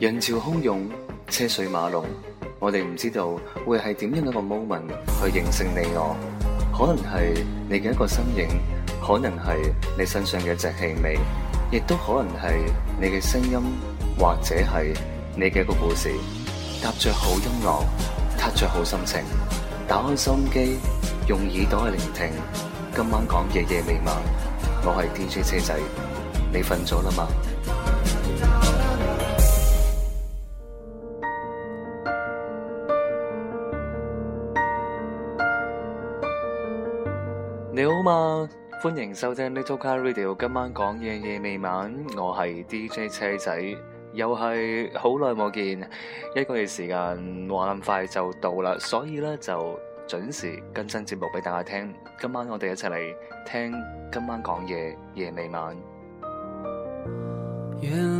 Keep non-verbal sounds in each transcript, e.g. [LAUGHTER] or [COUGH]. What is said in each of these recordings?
人潮洶湧，車水馬龍，我哋唔知道會係點樣一個 moment 去認識你我，可能係你嘅一個身影，可能係你身上嘅一隻氣味，亦都可能係你嘅聲音，或者係你嘅一個故事。搭着好音樂，踏着好心情，打開收音機，用耳朵去聆聽。今晚講《夜夜未晚》，我係 DJ 車仔，你瞓咗啦嘛？好嘛，歡迎收聽 Little Car Radio，今晚講嘢夜未晚，我係 DJ 車仔，又係好耐冇見，一個月時間話咁快就到啦，所以咧就準時更新節目俾大家聽，今晚我哋一齊嚟聽今晚講嘢夜未晚。Yeah.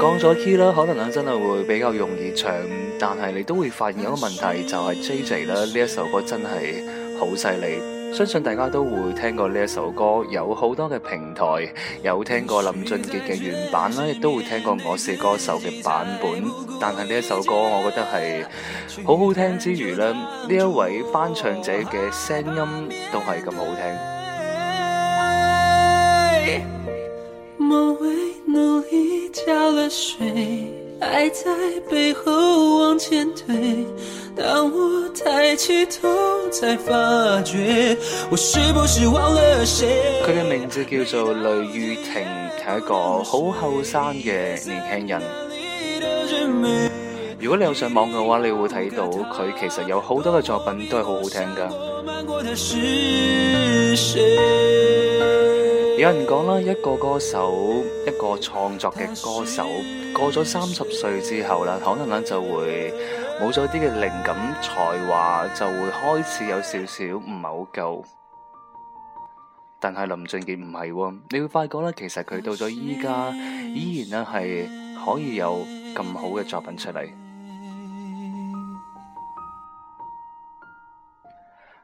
降咗 key 啦，可能咧真係會比較容易唱，但係你都會發現有個問題，就係 JJ 咧呢一首歌真係好犀利。相信大家都會聽過呢一首歌，有好多嘅平台有聽過林俊傑嘅原版啦，亦都會聽過我是歌手嘅版本。但係呢一首歌，我覺得係好好聽之餘呢，呢一位翻唱者嘅聲音都係咁好聽。Yeah. 佢嘅名字叫做雷雨婷，係一個好後生嘅年輕人。如果你有上網嘅話，你會睇到佢其實有好多嘅作品都係好好聽㗎。有人講啦，一個歌手，一個創作嘅歌手，過咗三十歲之後啦，可能咧就會冇咗啲嘅靈感，才華就會開始有少少唔係好夠。但係林俊傑唔係喎，你會發覺講咧，其實佢到咗依家依然咧係可以有咁好嘅作品出嚟。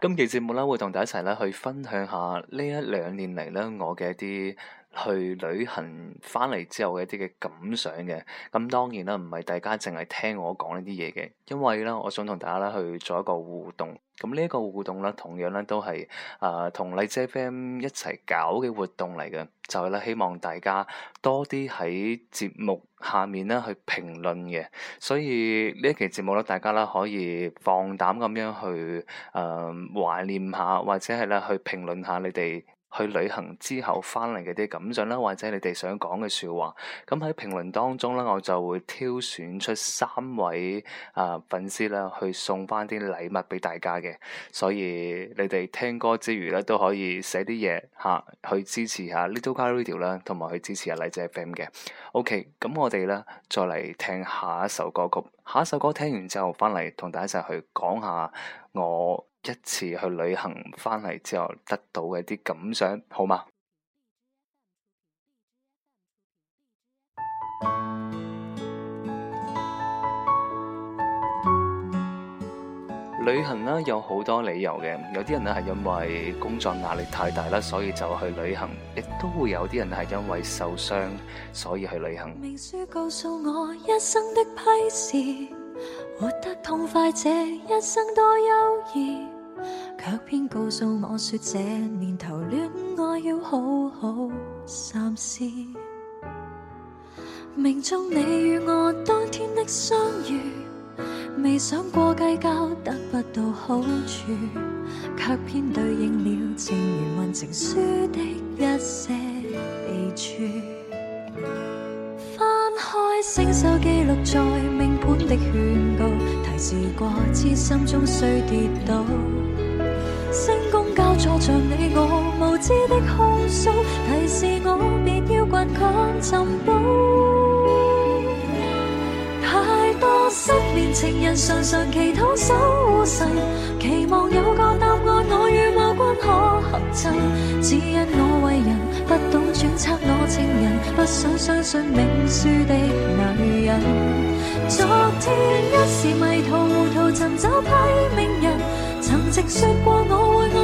今期節目咧，會同大家一齊咧去分享下呢一兩年嚟咧我嘅一啲去旅行翻嚟之後嘅一啲嘅感想嘅，咁當然啦，唔係大家淨係聽我講呢啲嘢嘅，因為咧，我想同大家啦去做一個互動，咁呢一個互動啦，同樣咧都係啊，同、呃、荔枝 FM 一齊搞嘅活動嚟嘅，就係、是、啦，希望大家多啲喺節目下面咧去評論嘅，所以呢一期節目咧，大家啦可以放膽咁樣去啊、呃、懷念下，或者係啦去評論下你哋。去旅行之後翻嚟嘅啲感想啦，或者你哋想講嘅説話，咁喺評論當中咧，我就會挑選出三位啊、呃、粉絲啦，去送翻啲禮物俾大家嘅。所以你哋聽歌之餘咧，都可以寫啲嘢嚇去支持下 Little Car Radio 啦，同埋去支持下麗姐 FM 嘅。OK，咁我哋咧再嚟聽下一首歌曲，下一首歌聽完之後翻嚟同大家一齊去講下我。一次去旅行翻嚟之後得到嘅啲感想，好嗎？旅行啦有好多理由嘅，有啲人咧係因為工作壓力太大啦，所以就去旅行；亦都會有啲人係因為受傷，所以去旅行。卻偏告訴我說，這年頭戀愛要好好三思。命中你與我當天的相遇，未想過計較得不到好處，卻偏對應了情緣運程書的一些備註。翻開星宿記錄，在命盤的勸告提示過知心中雖跌倒。坐着你我無知的控訴，提示我別要倔強沉浮。太多失眠情人常常祈禱守護神，期望有個答案我，與我與某君可合襯。只因我為人不懂揣測我情人，不想相信命書的男人。昨天一時迷途糊塗，尋找批命人，曾經說過我會愛。我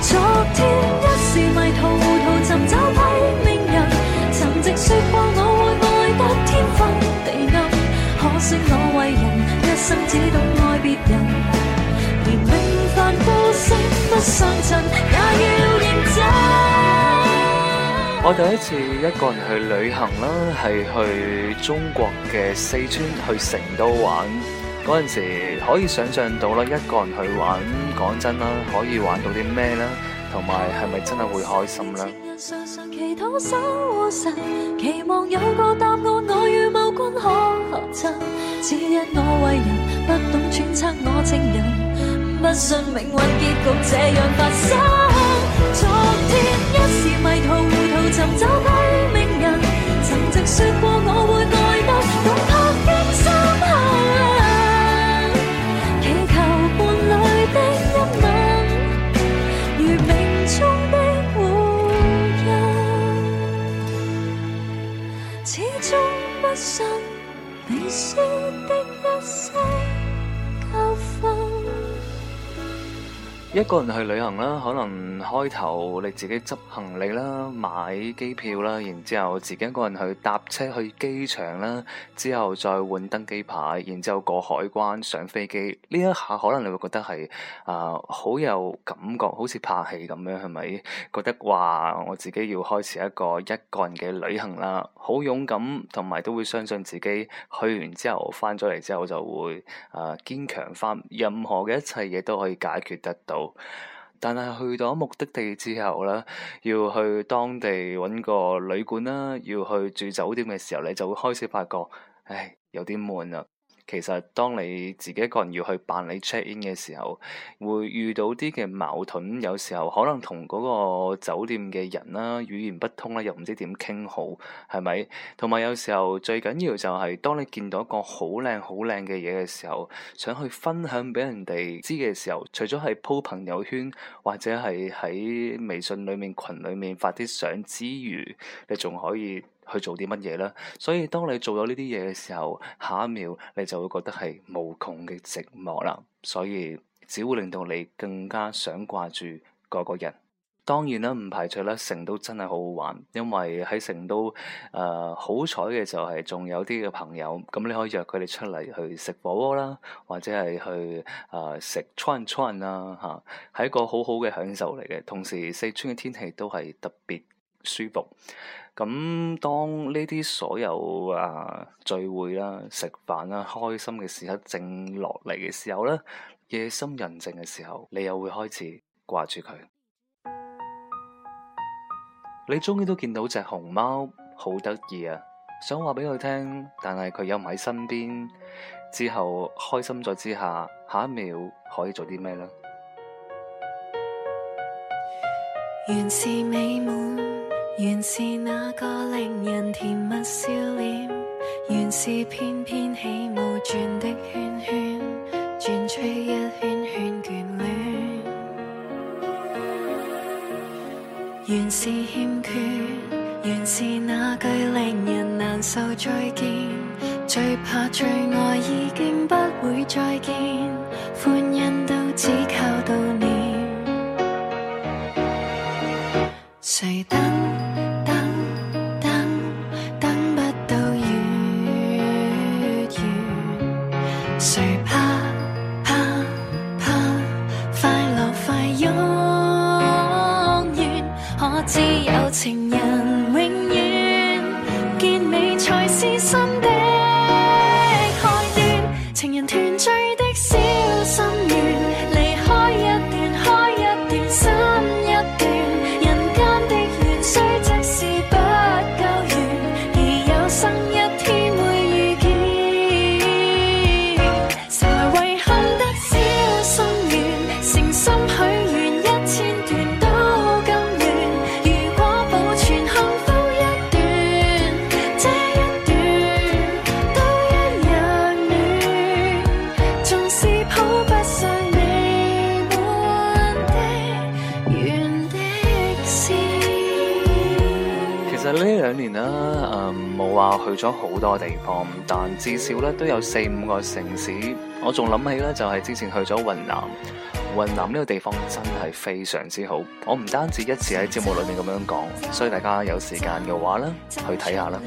昨天一時迷途糊塗，尋找批命人。曾經說過我會愛得天昏地暗，可惜我為人一生只懂愛別人，也要認真。我第一次一個人去旅行啦，係去中國嘅四川去成都玩。嗰陣時可以想象到啦，一個人去玩，講、嗯、真啦，可以玩到啲咩呢？同埋係咪真係會開心呢？個人去旅行啦，可能。開頭你自己執行李啦，買機票啦，然之後自己一個人去搭車去機場啦，之後再換登機牌，然之後過海關上飛機，呢一下可能你會覺得係啊、呃、好有感覺，好似拍戲咁樣，係咪？覺得話，我自己要開始一個一個人嘅旅行啦，好勇敢，同埋都會相信自己去完之後翻咗嚟之後就會啊、呃、堅強翻，任何嘅一切嘢都可以解決得到。但係去到目的地之後咧，要去當地揾個旅館啦，要去住酒店嘅時候，你就會開始發覺，唉，有啲悶呀。其實當你自己一個人要去辦理 check-in 嘅時候，會遇到啲嘅矛盾，有時候可能同嗰個酒店嘅人啦、啊，語言不通咧、啊，又唔知點傾好，係咪？同埋有時候最緊要就係，當你見到一個好靚好靚嘅嘢嘅時候，想去分享俾人哋知嘅時候，除咗係 po 朋友圈或者係喺微信裡面群裡面發啲相之餘，你仲可以。去做啲乜嘢咧？所以當你做咗呢啲嘢嘅時候，下一秒你就會覺得係無窮嘅寂寞啦。所以只會令到你更加想掛住嗰個人。當然啦，唔排除咧，成都真係好好玩，因為喺成都誒好彩嘅就係仲有啲嘅朋友，咁你可以約佢哋出嚟去食火鍋啦，或者係去誒、呃、食串串啊嚇，係一個好好嘅享受嚟嘅。同時，四川嘅天氣都係特別舒服。咁、嗯、當呢啲所有啊聚會啦、食飯啦、啊、開心嘅時刻靜落嚟嘅時候呢，夜深人靜嘅時候，你又會開始掛住佢。 [MUSIC] 你終於都見到隻熊貓，好得意啊！想話俾佢聽，但係佢又唔喺身邊。之後開心咗之下，下一秒可以做啲咩呢？原是美滿。原是那個令人甜蜜笑臉，原是翩翩起舞轉的圈圈，轉出一圈圈眷戀。原是欠缺，原是那句令人難受再見，最怕最愛已經不會再見，歡欣都只靠悼念。誰等？咗好多地方，但至少咧，都有四五個城市。我仲諗起咧，就係之前去咗雲南。雲南呢個地方真係非常之好，我唔單止一次喺節目裏面咁樣講，所以大家有時間嘅話咧，去睇下啦。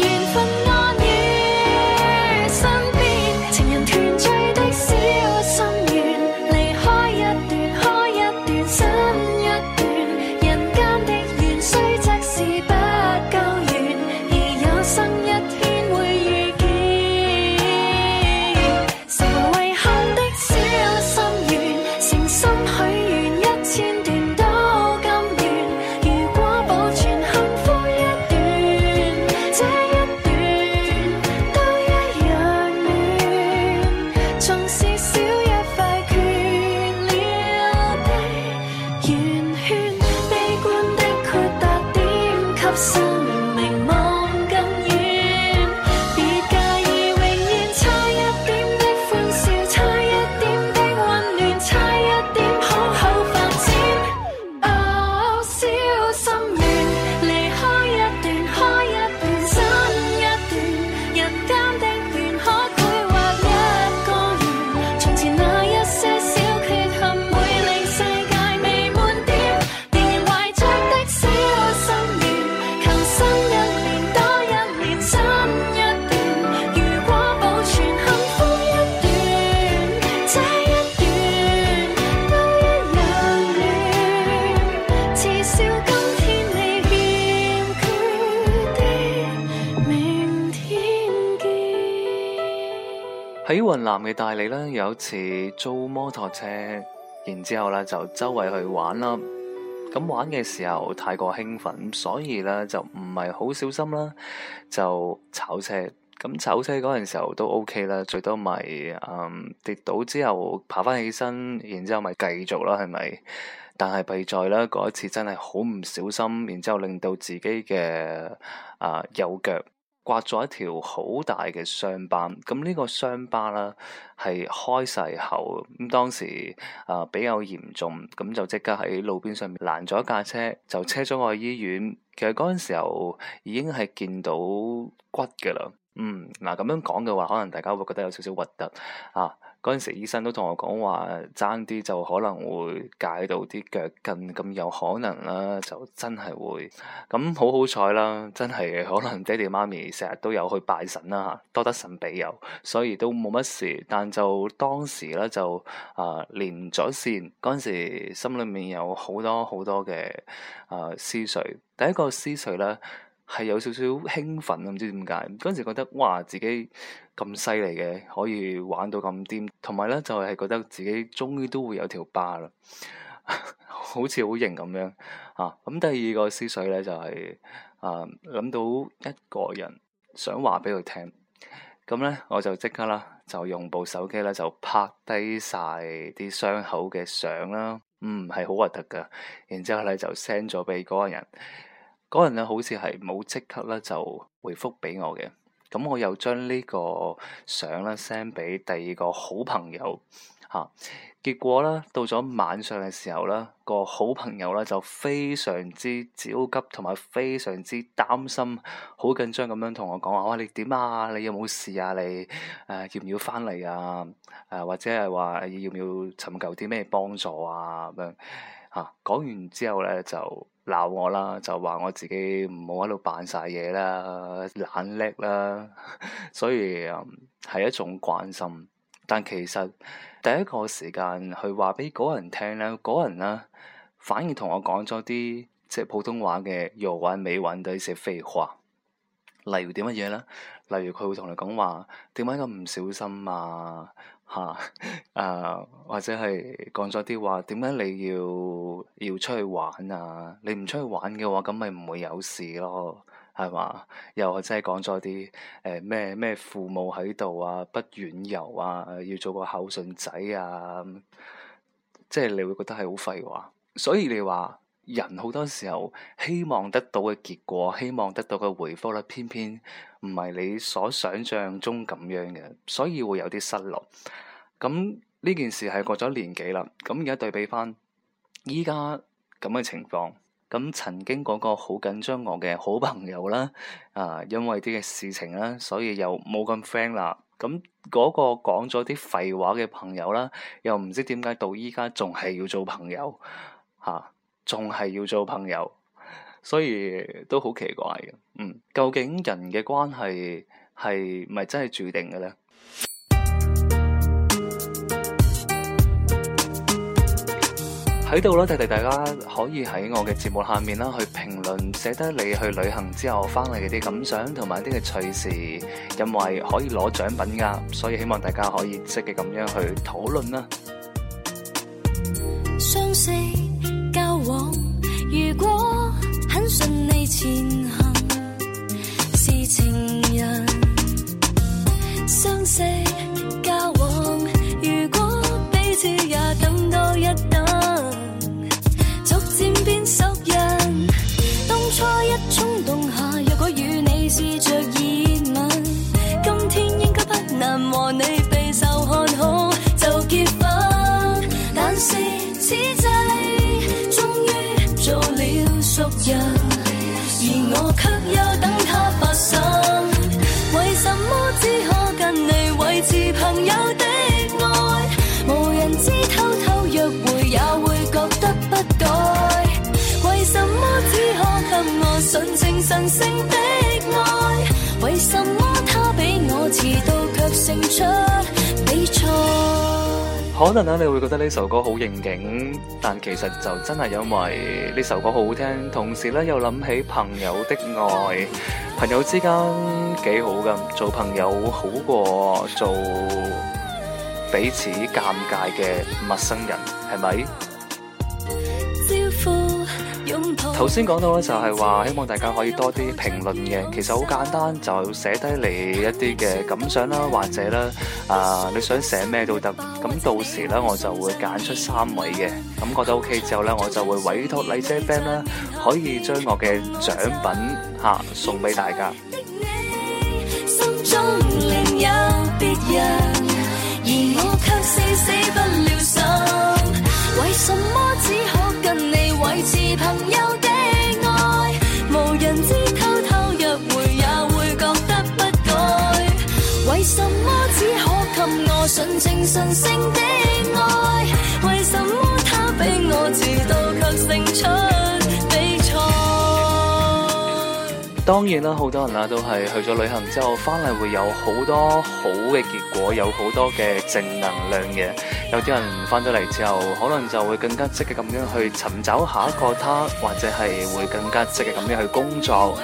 [MUSIC] 喺雲南嘅大理咧，有一次租摩托車，然之後咧就周圍去玩啦。咁玩嘅時候太過興奮，所以咧就唔係好小心啦，就炒車。咁炒車嗰陣時候都 OK 啦，最多咪、就是、嗯，跌倒之後爬翻起身，然之後咪繼續啦，係咪？但係備在啦，嗰一次真係好唔小心，然之後令到自己嘅啊、呃、右腳。刮咗一條好大嘅傷疤，咁呢個傷疤啦係開晒口，咁當時啊比較嚴重，咁就即刻喺路邊上面攔咗一架車，就車咗我去醫院。其實嗰陣時候已經係見到骨㗎喇，嗯，嗱咁樣講嘅話，可能大家會覺得有少少核突啊。嗰陣時，醫生都同我講話，爭啲就可能會解到啲腳筋咁有可能啦，就真係會咁好好彩啦！真係可能爹哋媽咪成日都有去拜神啦嚇，多得神庇佑，所以都冇乜事。但就當時咧就啊、呃、連咗線嗰陣時，心裏面有好多好多嘅啊、呃、思緒。第一個思緒咧，係有少少興奮，唔知點解嗰陣時覺得哇，自己咁犀利嘅，可以玩到咁癲，同埋咧就係、是係、係覺得自己終於都會有條疤啦， [LAUGHS] 好似好型咁樣啊！咁第二個思緒咧就係、係、啊諗到一個人想話俾佢聽，咁咧我就即刻啦就用部手機咧就拍低晒啲傷口嘅相啦，嗯係好核突噶，然之後咧就 send 咗俾嗰個人。嗰人咧好似係冇即刻咧就回覆俾我嘅，咁我又將呢個相咧 send 俾第二個好朋友吓、啊，結果咧到咗晚上嘅時候咧，個好朋友咧就非常之焦急同埋非常之擔心，好緊張咁樣同我講話：哇，你點啊？你有冇事啊？你誒、呃、要唔要翻嚟啊？誒、呃、或者係話要唔要尋求啲咩幫助啊？咁樣吓講完之後咧就。鬧我啦，就話我自己唔好喺度扮晒嘢啦、懶叻啦， [LAUGHS] 所以誒係、嗯、一種關心。但其實第一個時間佢話畀嗰人聽咧，嗰人咧反而同我講咗啲即係普通話嘅又韻、美韻一些廢話，例如點乜嘢咧？例如佢會同你講話點解咁唔小心啊？嚇！誒 [LAUGHS] 或者係講咗啲話，點解你要要出去玩啊？你唔出去玩嘅話，咁咪唔會有事咯，係嘛？又或者係講咗啲誒咩咩父母喺度啊，不遠遊啊，要做個孝順仔啊，即係你會覺得係好廢話。所以你話。人好多時候希望得到嘅結果，希望得到嘅回覆啦，偏偏唔係你所想象中咁樣嘅，所以會有啲失落。咁呢件事係過咗年幾啦。咁而家對比翻依家咁嘅情況，咁曾經嗰個好緊張我嘅好朋友啦，啊，因為啲嘅事情啦，所以又冇咁 friend 啦。咁嗰個講咗啲廢話嘅朋友啦，又唔知點解到依家仲係要做朋友吓。啊仲係要做朋友，所以都好奇怪嘅。嗯，究竟人嘅關係係咪真係注定嘅呢？喺度啦，弟 [NOISE] 弟樂，大家可以喺我嘅節目下面啦去評論，寫得你去旅行之後翻嚟嘅啲感想同埋啲嘅趣事，因為可以攞獎品㗎，所以希望大家可以識嘅咁樣去討論啦。可能咧，你會覺得呢首歌好應景，但其實就真係因為呢首歌好好聽，同時咧又諗起朋友的愛，朋友之間幾好㗎，做朋友好過做彼此尷尬嘅陌生人，係咪？頭先講到咧就係話，希望大家可以多啲評論嘅，其實好簡單，就寫低你一啲嘅感想啦，或者咧啊、呃、你想寫咩都得，咁到時咧我就會揀出三位嘅，咁覺得 OK 之後咧我就會委託麗姐 friend 啦，可以將我嘅獎品吓、啊、送俾大家。心中另有別人，而我卻死不了心，為什麼只好跟你？朋友的愛無人知，偷偷約會也會覺得不該。為什麼只可給我純情神性的愛？為什麼他比我遲到卻勝出比賽？當然啦，好多人啦、啊，都係去咗旅行之後翻嚟會有好多好嘅結果，有好多嘅正能量嘅。有啲人翻咗嚟之後，可能就會更加積極咁樣去尋找下一個他，或者係會更加積極咁樣去工作。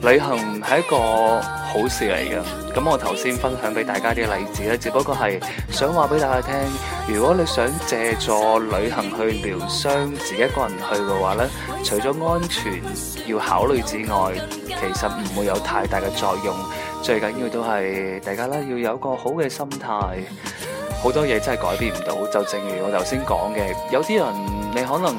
旅行係一個好事嚟嘅，咁我頭先分享俾大家啲例子咧，只不過係想話俾大家聽，如果你想借助旅行去療傷，自己一個人去嘅話咧，除咗安全要考慮之外，其實唔會有太大嘅作用。最緊要都係大家咧，要有一個好嘅心態。好多嘢真係改變唔到，就正如我頭先講嘅，有啲人你可能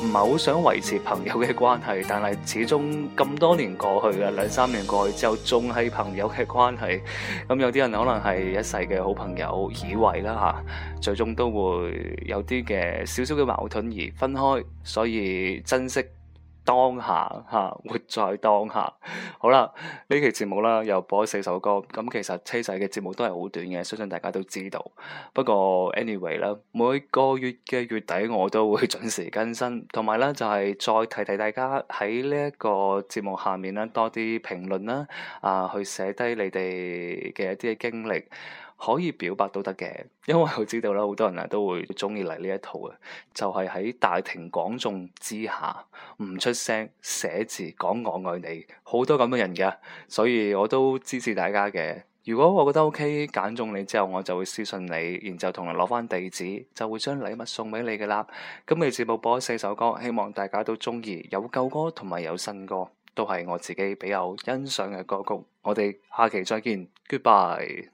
唔係好想維持朋友嘅關係，但係始終咁多年過去啦，兩三年過去之後，仲係朋友嘅關係。咁有啲人可能係一世嘅好朋友，以為啦嚇，最終都會有啲嘅少少嘅矛盾而分開，所以珍惜當下嚇，活在當下。好啦，呢期節目啦，又播四首歌。咁其實車仔嘅節目都係好短嘅，相信大家都知道。不過 anyway 啦，每個月嘅月底我都會準時更新，同埋咧就係再提提大家喺呢一個節目下面咧多啲評論啦，啊、呃、去寫低你哋嘅一啲嘅經歷。可以表白都得嘅，因為我知道啦，好多人啊都會中意嚟呢一套嘅，就係喺大庭廣眾之下唔出聲寫字講我愛你，好多咁嘅人嘅，所以我都支持大家嘅。如果我覺得 OK 揀中你之後，我就會私信你，然之後同人攞翻地址，就會將禮物送俾你噶啦。今期節目播咗四首歌，希望大家都中意，有舊歌同埋有新歌，都係我自己比較欣賞嘅歌曲。我哋下期再見，Goodbye。